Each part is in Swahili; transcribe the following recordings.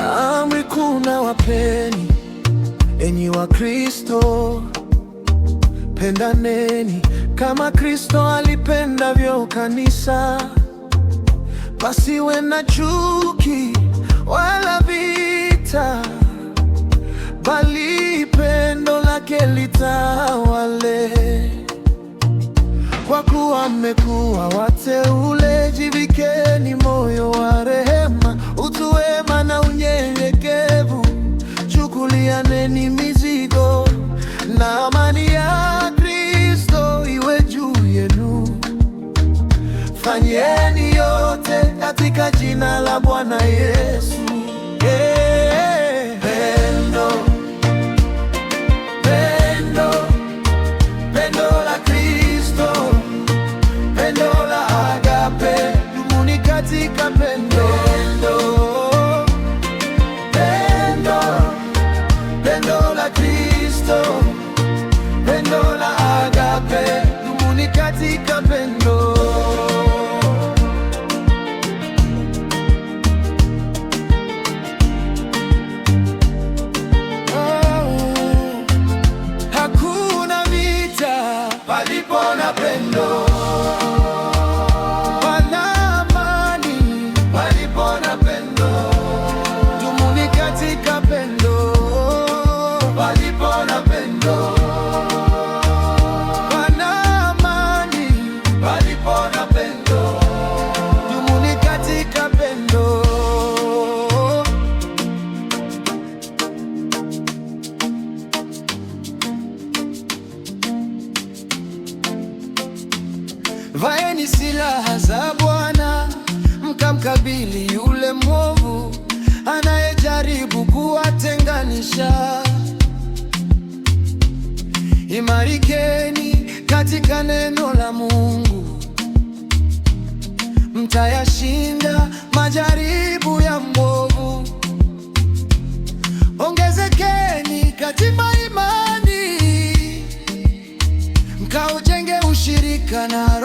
Amri kuu nawapeni, enyi wa kristo pendaneni kama Kristo alipendavyo kanisa, pasiwe na chuki wala vita, bali lake litawale, kwa kuwa mmekuwa wateule. Jivikeni moyo wa rehema, utu wema na unyenyekevu. Chukulianeni mizigo na amani ya Kristo iwe juu yenu. Fanyeni yote katika jina la Bwana Yesu ni katika pendo oh. Hakuna vita palipo na pendo. mbili yule mwovu anayejaribu kuwatenganisha. Imarikeni katika neno la Mungu, mtayashinda majaribu ya mwovu. Ongezekeni katika imani, mkaujenge ushirika na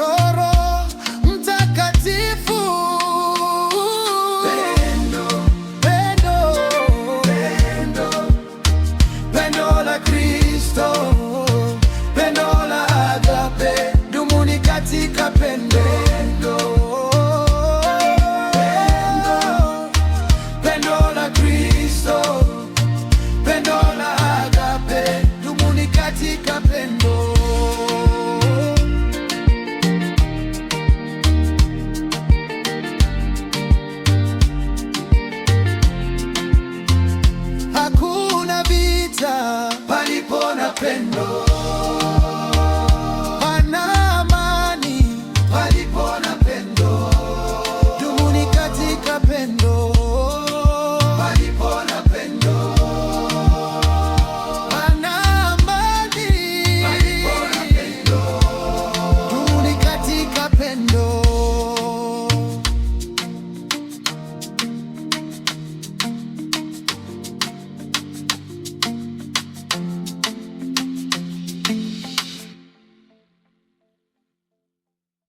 palipo na pendo.